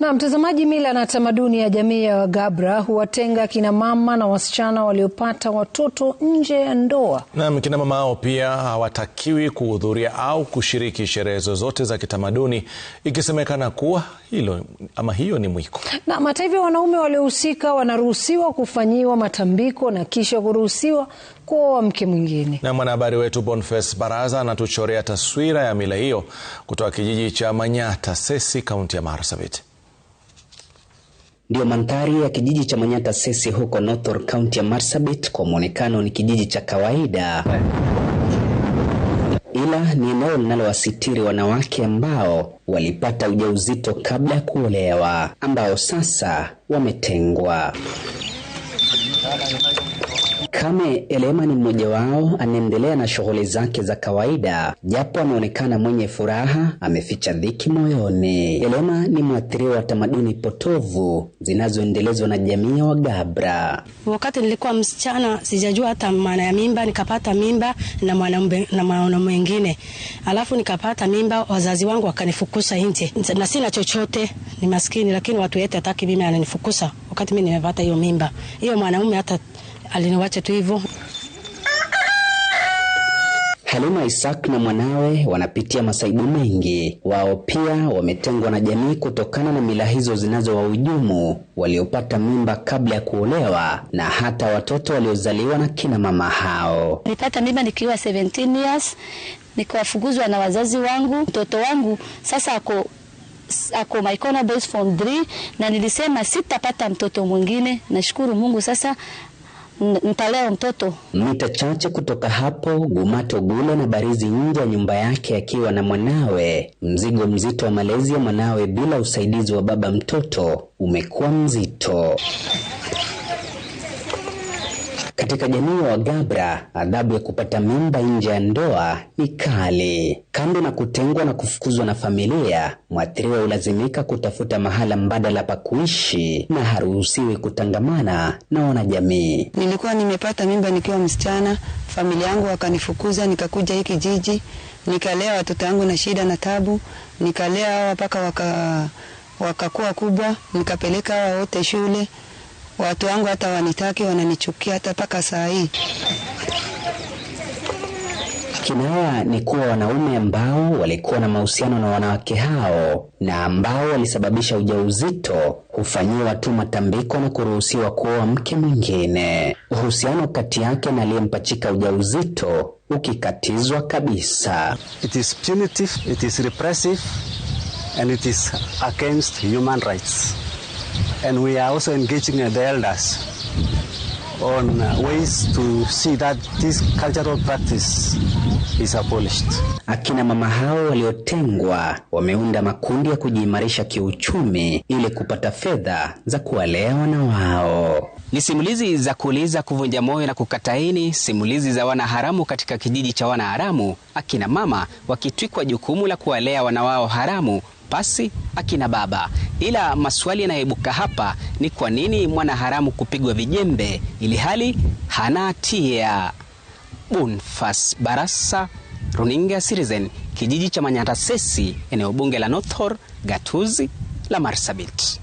Na mtazamaji, mila na tamaduni ya jamii ya Wagabra huwatenga kina mama na wasichana waliopata watoto nje ya ndoa. Naam, kina mama hao pia hawatakiwi kuhudhuria au kushiriki sherehe zozote za kitamaduni, ikisemekana kuwa hilo ama hiyo ni mwiko. Na hata hivyo, wanaume waliohusika wanaruhusiwa kufanyiwa matambiko na kisha kuruhusiwa kuoa mke mwingine. Na mwanahabari wetu Bonface Baraza anatuchorea taswira ya mila hiyo kutoka kijiji cha Manyata Sesi, kaunti ya Marsabit. Ndiyo mandhari ya kijiji cha Manyata Sesi huko Northor County ya Marsabit kwa mwonekano ni kijiji cha kawaida, ila ni eneo linalowasitiri wanawake ambao walipata ujauzito kabla ya kuolewa, ambao sasa wametengwa. Kame Elema ni mmoja wao anaendelea na shughuli zake za kawaida, japo ameonekana mwenye furaha, ameficha dhiki moyoni. Elema ni mwathiriwa wa tamaduni potovu zinazoendelezwa na jamii ya Wagabra. Wakati nilikuwa msichana, sijajua hata maana ya mimba, nikapata mimba na mwanaume na mwanaume mwingine, alafu nikapata mimba, wazazi wangu wakanifukusa nje, na sina chochote, ni maskini, lakini watu wetu hataki mimi, ananifukusa wakati mimi nimepata hiyo mimba hiyo mwanaume hata aliniwacha tu hivyo. Halima Isaac na mwanawe wanapitia masaibu mengi. Wao pia wametengwa na jamii kutokana na mila hizo zinazowahujumu waliopata mimba kabla ya kuolewa na hata watoto waliozaliwa na kina mama hao. Nilipata mimba nikiwa 17 years, nikawafukuzwa na wazazi wangu. Mtoto wangu sasa ako ako Maikona base form 3 na nilisema sitapata mtoto mwingine. Nashukuru Mungu sasa nitalea mtoto. Mita chache kutoka hapo, Gumato Gula na barizi nje ya nyumba yake akiwa na mwanawe. Mzigo mzito wa malezi ya mwanawe bila usaidizi wa baba mtoto umekuwa mzito. Katika jamii wa Wagabra adhabu ya kupata mimba nje ya ndoa ni kali. Kando na kutengwa na kufukuzwa na familia, mwathiriwa hulazimika kutafuta mahala mbadala pa kuishi na haruhusiwi kutangamana na wanajamii. Nilikuwa nimepata mimba nikiwa msichana, familia yangu wakanifukuza, nikakuja hiki jiji, nikalea watoto wangu na shida na tabu, nikalea hawa mpaka wakakuwa kubwa, nikapeleka hawa wote shule watu wangu hata wanitaki, wananichukia hata mpaka saa hii. Akina ni kuwa wanaume ambao walikuwa na mahusiano na wanawake hao na ambao walisababisha ujauzito hufanyiwa tu matambiko na kuruhusiwa kuoa mke mwingine. Uhusiano kati yake na aliyempachika ujauzito ukikatizwa kabisa. It is punitive, it is repressive and it is against human rights and we are also engaging uh, the elders on ways to see that this cultural practice is abolished. Akina mama hao waliotengwa wameunda makundi ya kujiimarisha kiuchumi ili kupata fedha za kuwalea wana wao. Ni simulizi za kuuliza, kuvunja moyo na kukataini, simulizi za wanaharamu katika kijiji cha wanaharamu, akina mama wakitwikwa jukumu la kuwalea wana wao haramu pasi akina baba. Ila maswali yanayoibuka hapa ni kwa nini mwanaharamu kupigwa vijembe ili hali hana hatia? Bonfas Barasa, runinga ya Citizen, kijiji cha Manyatasesi, eneo bunge la North Horr, gatuzi la Marsabit.